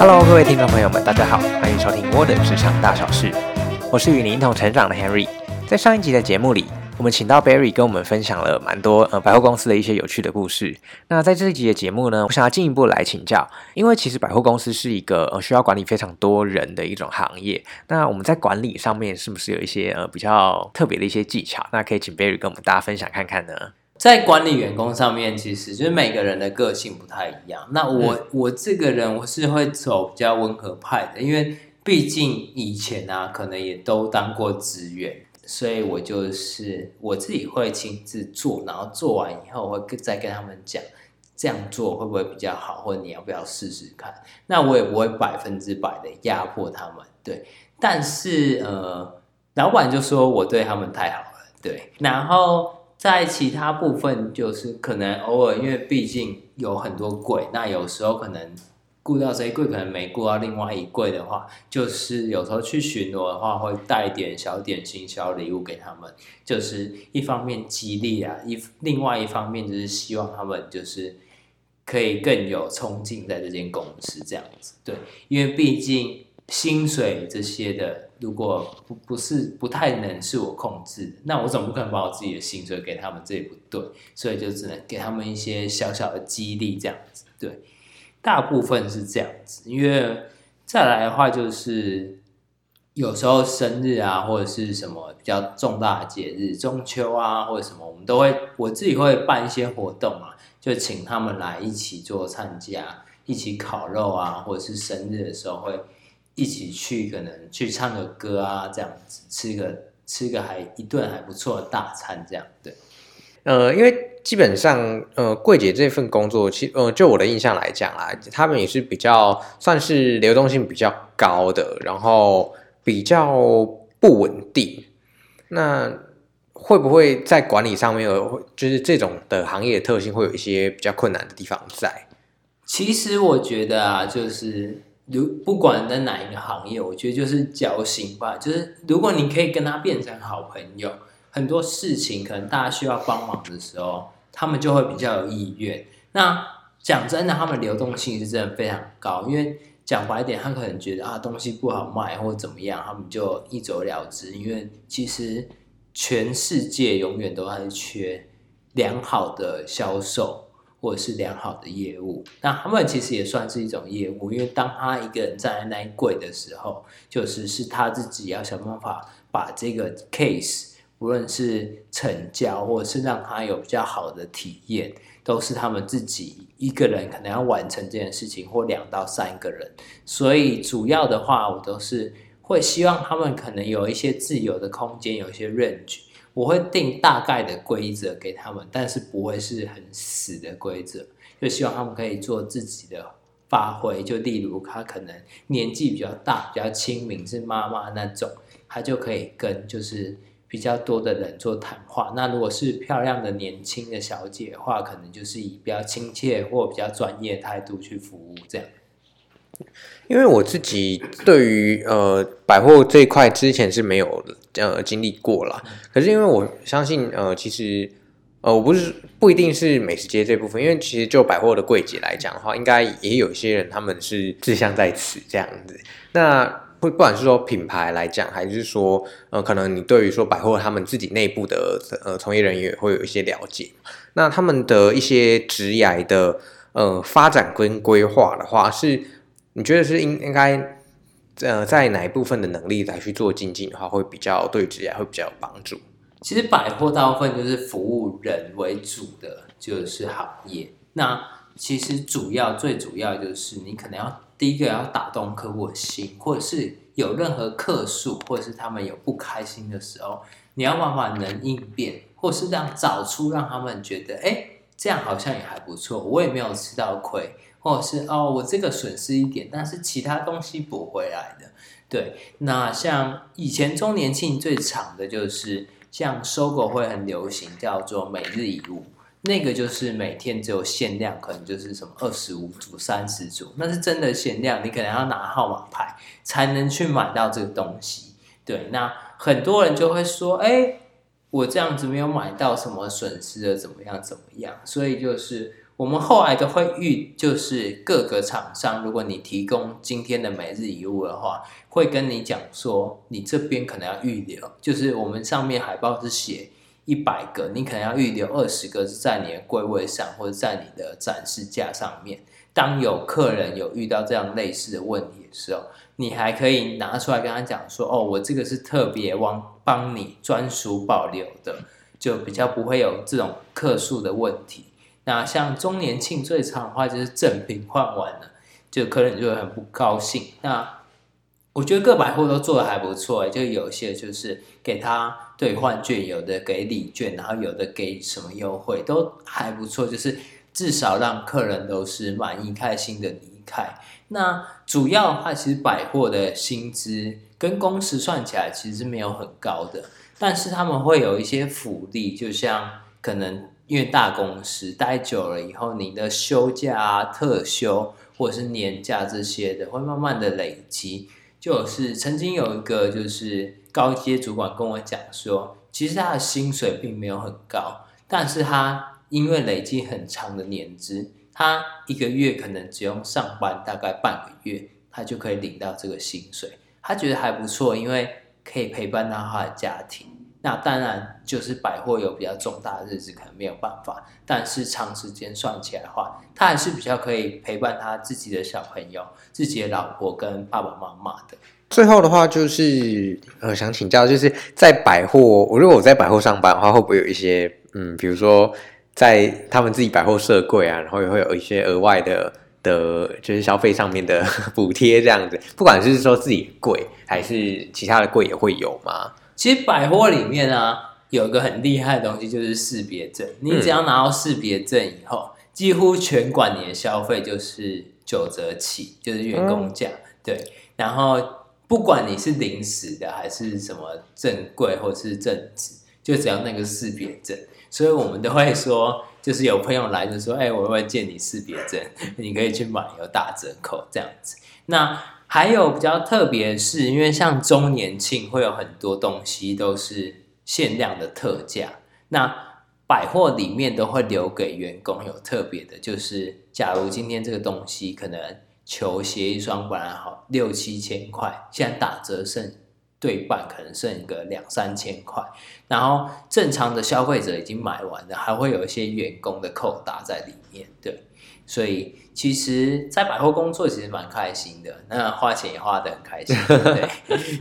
Hello，各位聽眾朋友們，大家好，歡迎收聽《我的職場大小事》，我是與您一同成長的 Henry。在上一集的節目裡，我們請到 Berry 跟我們分享了蠻多呃百貨公司的一些有趣的故事。那在這一集的節目呢，我想要進一步來請教，因為其實百貨公司是一個呃需要管理非常多人的一種行業。那我們在管理上面是不是有一些呃比較特別的一些技巧？那可以請 Berry 跟我們大家分享看看呢？在管理員工上面，其實就是每個人的個性不太一樣。那我、嗯、我這個人我是會走比較溫和派的，因為畢竟以前呢、啊、可能也都當過職員，所以我就是我自己會親自做，然後做完以後我會再跟他們講這樣做會不會比較好，或者你要不要試試看。那我也不會百分之百的壓迫他們，對。但是呃，老闆就說我對他們太好了，對。然後。在其他部分，就是可能偶爾，因為畢竟有很多櫃，那有時候可能顧到這一櫃，可能沒顧到另外一櫃的話，就是有時候去巡邏的話，會帶點小點心、小禮物給他們，就是一方面激勵啊，一另外一方面就是希望他們就是可以更有衝勁在這間公司這樣子，對，因為畢竟薪水這些的。如果不不是不太能是我控制的，那我總不可能把我自己的薪水給他們？這也不對，所以就只能給他們一些小小的激勵，這樣子對。大部分是這樣子，因為再來的話就是有時候生日啊，或者是什麼比較重大的節日，中秋啊或者什麼，我們都會我自己會辦一些活動嘛、啊，就請他們來一起做參加，一起烤肉啊，或者是生日的時候會。一起去，可能去唱個歌啊，這樣子吃個吃個還一頓還不錯的大餐，這樣對。呃，因為基本上，呃，櫃姐這份工作，其呃，就我的印象來講啊，他們也是比較算是流動性比較高的，然後比較不穩定。那會不會在管理上面有，就是這種的行業特性，會有一些比較困難的地方在？其實我覺得啊，就是。如不管在哪一個行業，我覺得就是交情吧。就是如果你可以跟他變成好朋友，很多事情可能大家需要幫忙的時候，他們就會比較有意願。那講真的，他們流動性是真的非常高，因為講白點，他可能覺得啊東西不好賣或怎麼樣，他們就一走了之。因為其實全世界永遠都還是缺良好的銷售。或者是良好的業務，那他們其實也算是一種業務，因為當他一個人站在那一櫃的時候，就是是他自己要想辦法把這個 case，無論是成交，或者是讓他有比較好的體驗，都是他們自己一個人可能要完成這件事情，或兩到三個人。所以主要的話，我都是會希望他們可能有一些自由的空間，有一些 range。我會定大概的規則給他們，但是不會是很死的規則，就希望他們可以做自己的發揮。就例如，他可能年紀比較大、比較親民，是媽媽那種，他就可以跟就是比較多的人做談話。那如果是漂亮的年輕的小姐的話，可能就是以比較親切或比較專業態度去服務這樣。因為我自己對於呃百貨這一塊之前是沒有呃經歷過啦，可是因為我相信呃其實呃我不是不一定是美食街這部分，因為其實就百貨的櫃姐來講的話，應該也有一些人他們是志向在此這樣子。那不不管是說品牌來講，還是說呃可能你對於說百貨他們自己內部的呃從業人員也會有一些了解，那他們的一些職涯的呃發展跟規劃的話是。你覺得是應應該呃在哪一部分的能力來去做精進的話，會比較對職業會比較有幫助？其實百貨大部分就是服務人為主的，就是行業。那其實主要最主要就是你可能要第一個要打動客戶的心，或者是有任何客訴，或者是他們有不開心的時候，你要辦法能應變，或是這樣找出讓他們覺得，哎、欸，這樣好像也還不錯，我也沒有吃到虧。或者是哦，我這個損失一點，但是其他東西補回來的。對，那像以前周年慶最常的就是像 SOGO 會很流行，叫做每日一物，那個就是每天只有限量，可能就是什麼二十五組、三十組，那是真的限量，你可能要拿號碼牌才能去買到這個東西。對，那很多人就會說，誒、欸，我這樣子沒有買到什麼損失的，怎麼樣怎麼樣？所以就是。我們後來都會預，就是各個廠商，如果你提供今天的每日一物的話，會跟你講說，你這邊可能要預留，就是我們上面海報是寫一百個，你可能要預留二十個是在你的櫃位上，或者在你的展示架上面。當有客人有遇到這樣類似的問題的時候，你還可以拿出來跟他講說，哦，我這個是特別幫幫你專屬保留的，就比較不會有這種客訴的問題。那像周年慶最常的話，就是贈品換完了，就客人就會很不高興。那我覺得各百貨都做得還不錯，欸，就有些就是給他兌換券，有的給禮券，然後有的給什麼優惠，都還不錯。就是至少讓客人都是滿意、開心的離開。那主要的話，其實百貨的薪資跟工時算起來其實是沒有很高的，但是他們會有一些福利，就像可能。因為大公司待久了以後，你的休假啊、特休或者是年假這些的，會慢慢的累積。就是曾經有一個就是高階主管跟我講說，其實他的薪水並沒有很高，但是他因為累積很長的年資，他一個月可能只用上班大概半個月，他就可以領到這個薪水。他覺得還不錯，因為可以陪伴到他的家庭。那當然，就是百貨有比較重大的日子，可能沒有辦法。但是長時間算起來的話，他還是比較可以陪伴他自己的小朋友、自己的老婆跟爸爸媽媽的。最後的話，就是我、呃、想請教，就是在百貨，我如果我在百貨上班的話，會不會有一些嗯，比如說在他們自己百貨設櫃啊，然後也會有一些額外的的，就是消費上面的補 貼這樣子。不管是說自己櫃還是其他的櫃，也會有嗎？其實百貨裡面啊，有一個很厲害的東西，就是識別證。你只要拿到識別證以後，嗯、幾乎全館你的消費就是九折起，就是員工價、嗯。對，然後不管你是臨時的還是什麼正櫃，或是正職，就只要那個識別證。所以我們都會說。就是有朋友來就說：“哎、欸，我會借你識別證，你可以去買有打折扣這樣子。”那還有比較特別的是，因為像週年慶會有很多東西都是限量的特價。那百貨裡面都會留給員工有特別的，就是假如今天這個東西可能球鞋一雙本來好六七千塊，現在打折剩，對半可能剩一個兩三千塊，然後正常的消費者已經買完了，還會有一些員工的扣打在裡面，對。所以其實，在百貨工作其實蠻開心的，那花錢也花得很開心。 對不對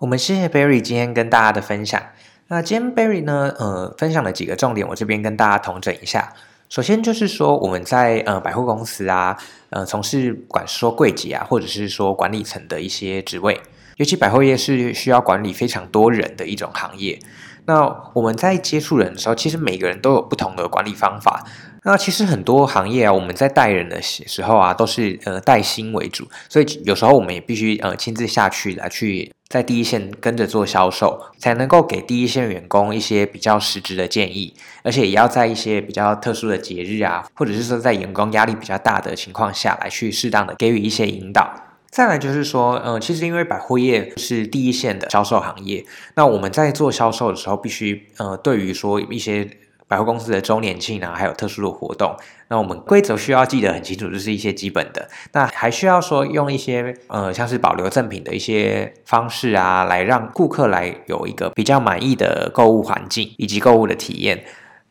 我們謝謝 Berry 今天跟大家的分享。那今天 Berry 呢，呃，分享了幾個重點，我這邊跟大家統整一下。首先就是說，我們在呃百貨公司啊，呃，從事管說櫃姐啊，或者是說管理層的一些職位。尤其百貨業是需要管理非常多人的一種行業。那我們在接觸人的時候，其實每個人都有不同的管理方法。那其實很多行業啊，我們在帶人的時候啊，都是呃帶薪為主，所以有時候我們也必須呃親自下去來去在第一線跟着做銷售，才能夠給第一線員工一些比較實質的建議，而且也要在一些比較特殊的節日啊，或者是說在員工壓力比較大的情況下來去適當的給予一些引導。再來就是說，呃，其實因為百貨業是第一線的銷售行業，那我們在做銷售的時候必須，必須呃，對於說一些百貨公司的周年慶啊，還有特殊的活動，那我們規則需要記得很清楚，就是一些基本的。那還需要說用一些呃，像是保留贈品的一些方式啊，來讓顧客來有一個比較滿意的購物環境以及購物的體驗。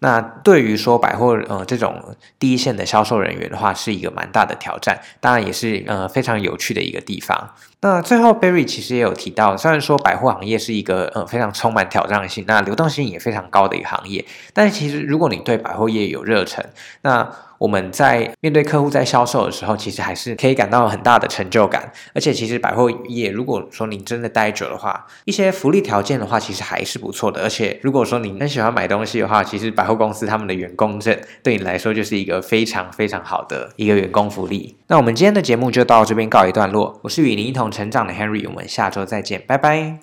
那對於說百貨呃這種第一線的銷售人員的話，是一個蠻大的挑戰，當然也是呃非常有趣的一個地方。那最後 Barry 其實也有提到，雖然說百貨行業是一個呃非常充滿挑戰性，那流動性也非常高的一個行業，但是其實如果你對百貨業有熱忱，那。我們在面對客戶在銷售的時候，其實還是可以感到很大的成就感。而且，其實百貨業如果說你真的待久的話，一些福利條件的話，其實還是不錯的。而且，如果說你很喜歡買東西的話，其實百貨公司他們的員工證對你來說就是一個非常非常好的一個員工福利。那我們今天的節目就到這邊告一段落。我是與你一同成長的 Henry，我們下周再見，拜拜。